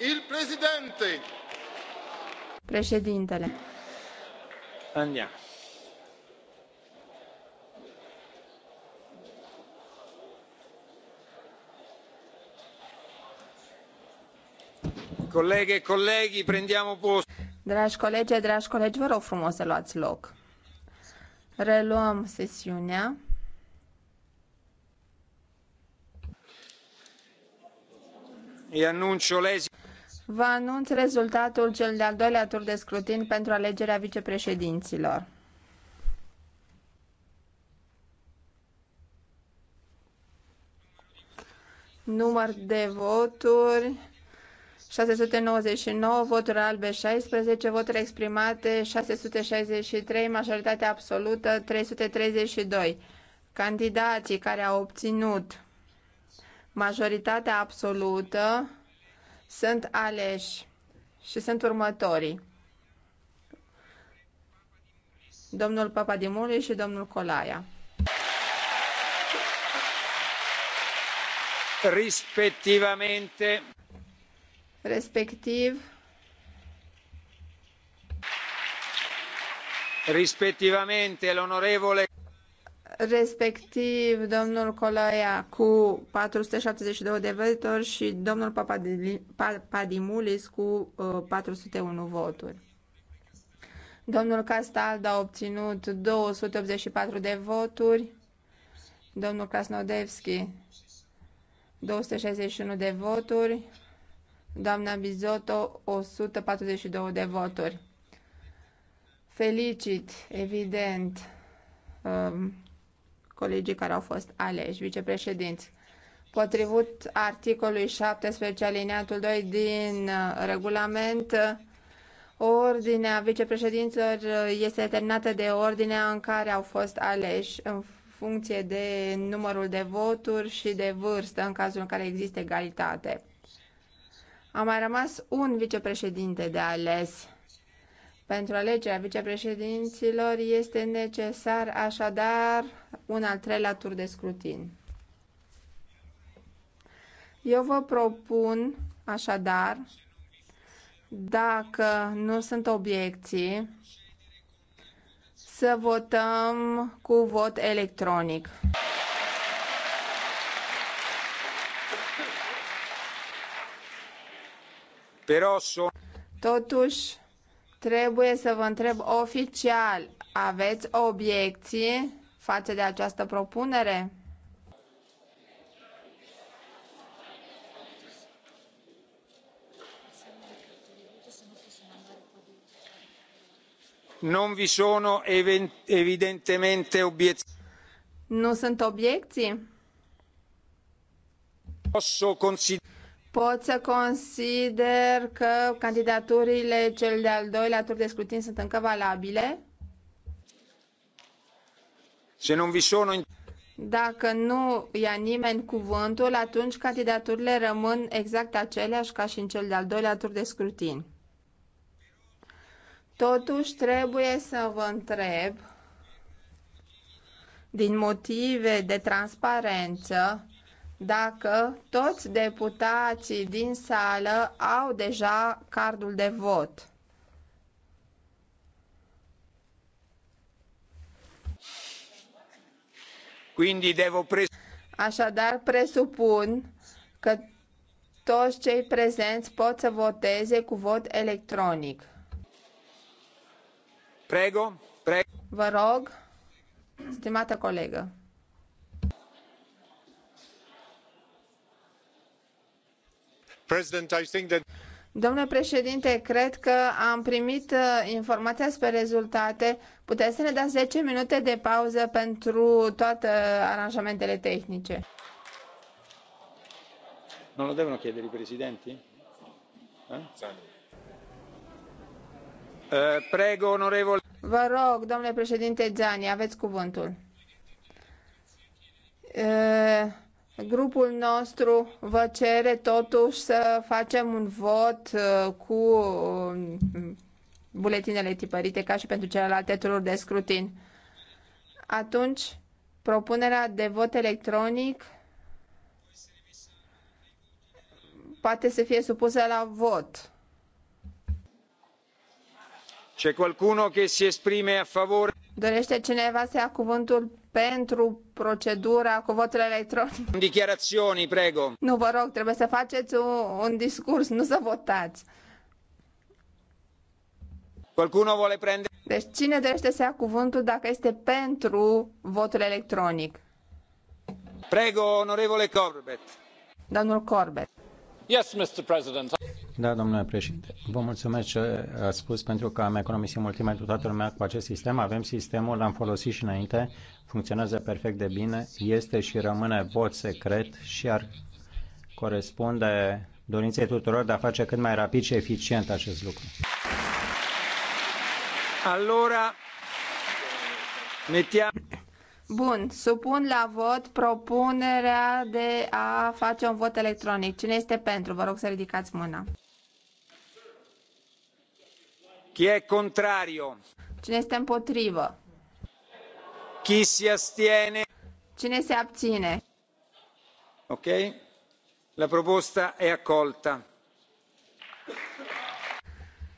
Președinte. Președintele. Andiamo. colegi prendiamo posto. Dragi colegi, dragi colegi, vă rog frumos să luați loc. Reluăm sesiunea. E anuncio Vă anunț rezultatul cel de-al doilea tur de scrutin pentru alegerea vicepreședinților. Număr de voturi 699, voturi albe 16, voturi exprimate 663, majoritate absolută 332. Candidații care au obținut majoritatea absolută sunt aleși și sunt următorii. Domnul papa Papadimuli și domnul Colaia. Respectivamente. Respectiv. Respectivamente, l'onorevole respectiv domnul Colaia cu 472 de voturi și domnul Papadimulis cu 401 uh, voturi. Domnul Castald a obținut 284 de voturi, domnul Krasnodevski 261 de voturi, doamna Bizotto 142 de voturi. Felicit, evident, um, colegii care au fost aleși, vicepreședinți. Potrivit articolului 17 alineatul 2 din uh, regulament, uh, ordinea vicepreședinților uh, este determinată de ordinea în care au fost aleși în funcție de numărul de voturi și de vârstă în cazul în care există egalitate. A mai rămas un vicepreședinte de ales. Pentru alegerea vicepreședinților este necesar așadar un al treilea tur de scrutin. Eu vă propun așadar, dacă nu sunt obiecții, să votăm cu vot electronic. Totuși, Trebuie să vă întreb oficial, aveți obiecții față de această propunere? Non vi sono evidentemente obiezioni. Nu sunt obiecții? Posso considerare pot să consider că candidaturile cel de-al doilea tur de scrutin sunt încă valabile? Se non vi sono... Dacă nu ia nimeni cuvântul, atunci candidaturile rămân exact aceleași ca și în cel de-al doilea tur de scrutin. Totuși, trebuie să vă întreb, din motive de transparență, dacă toți deputații din sală au deja cardul de vot. Așadar, presupun că toți cei prezenți pot să voteze cu vot electronic. Prego, prego. Vă rog, stimată colegă. Domnule președinte, cred că am primit uh, informația despre rezultate. Puteți să ne dați 10 minute de pauză pentru toate aranjamentele tehnice. Non lo devono chiedere i presidenti? Eh? eh prego, onorevole. Vă rog, domnule președinte Gianni, aveți cuvântul. Eh, Grupul nostru vă cere totuși să facem un vot uh, cu um, buletinele tipărite ca și pentru celelalte tururi de scrutin. Atunci, propunerea de vot electronic poate să fie supusă la vot. C'è qualcuno che si esprime a favore? Dorește cineva să ia cuvântul pentru procedura cu votul electronic. Dichiarazioni, prego. Nu, vă rog, trebuie să faceți un, un discurs, nu să votați. Qualcuno vuole prendere... Deci cine dorește să ia cuvântul dacă este pentru votul electronic? Prego, onorevole Corbett. Domnul Corbett da, domnule președinte, vă mulțumesc ce ați spus pentru că am economisit mult timp pentru toată lumea cu acest sistem. Avem sistemul, l-am folosit și înainte, funcționează perfect de bine, este și rămâne vot secret și ar corespunde dorinței tuturor de a face cât mai rapid și eficient acest lucru. Allora, mettiamo... Bun, supun la vot propunerea de a face un vot electronic. Cine este pentru? Vă rog să ridicați mâna. Chi e contrario? Cine este împotrivă? Chi si astiene? Cine se abține? Ok? La proposta e accolta.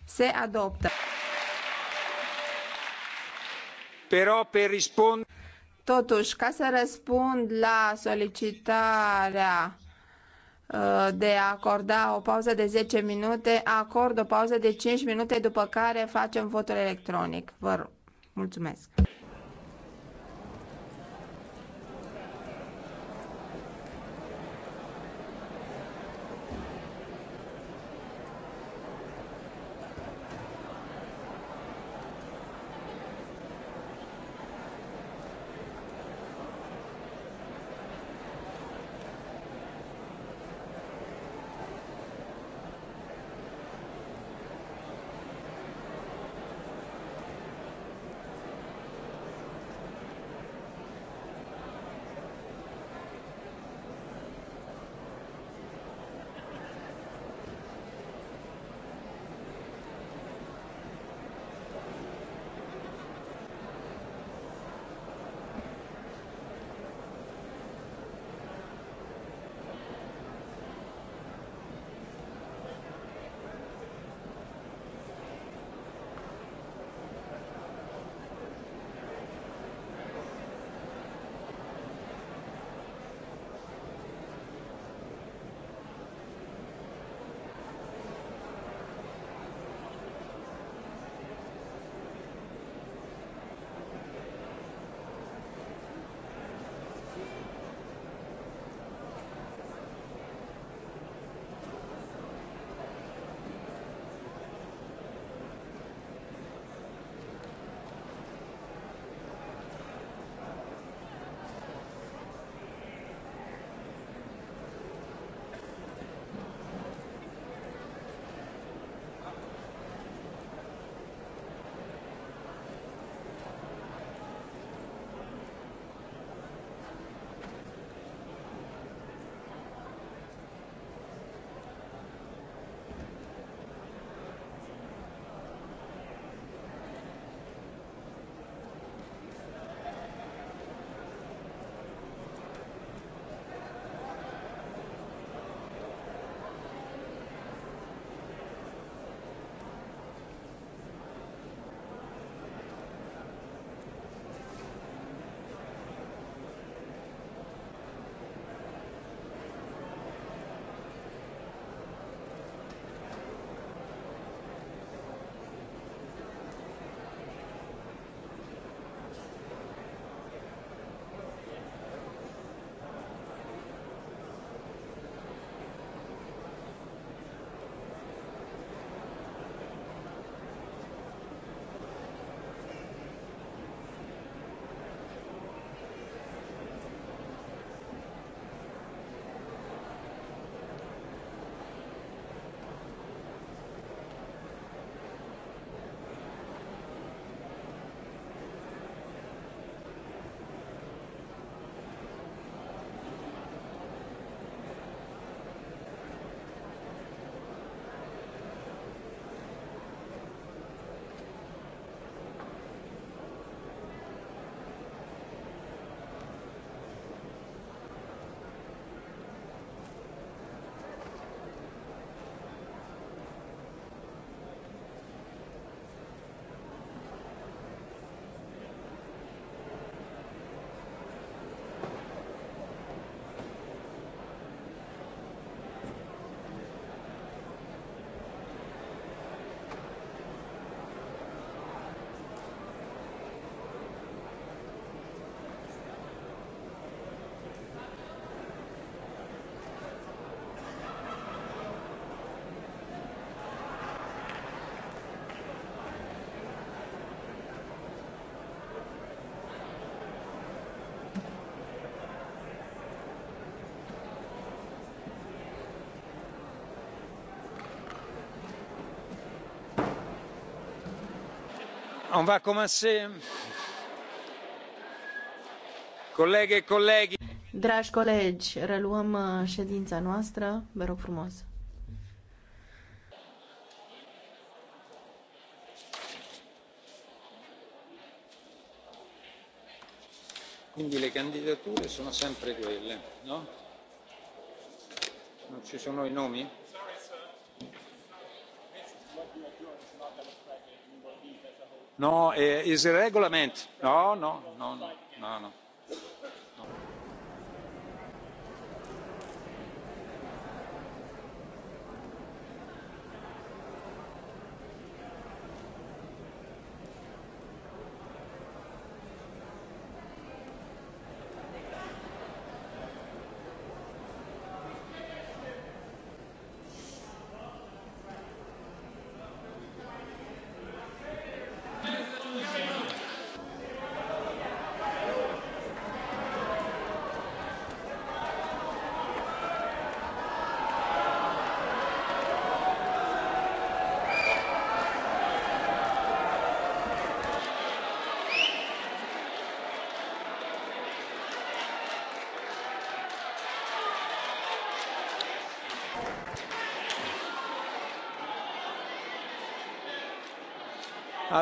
Se adoptă. Però per rispondere Totuși, ca să răspund la solicitarea uh, de a acorda o pauză de 10 minute, acord o pauză de 5 minute, după care facem votul electronic. Vă rog. Mulțumesc. On va commencer. Colegi, colegi. Dragi colegi, reluăm uh, ședința noastră. Vă rog frumos. Quindi le candidature sono sempre quelle, no? Non ci sono i nomi? no eh, is a regulament no no no no no.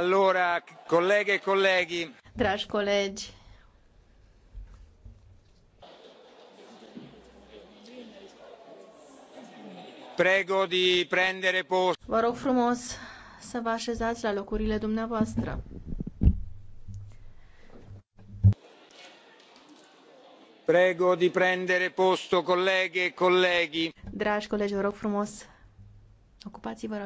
Allora, colleghe e colleghi. Dragi colegi. Prego di prendere posto. Vă rog frumos să vă așezați la locurile dumneavoastră. Prego di prendere posto, colleghe e colleghi. Dragi colegi, vă rog frumos, ocupați-vă